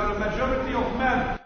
are a majority of men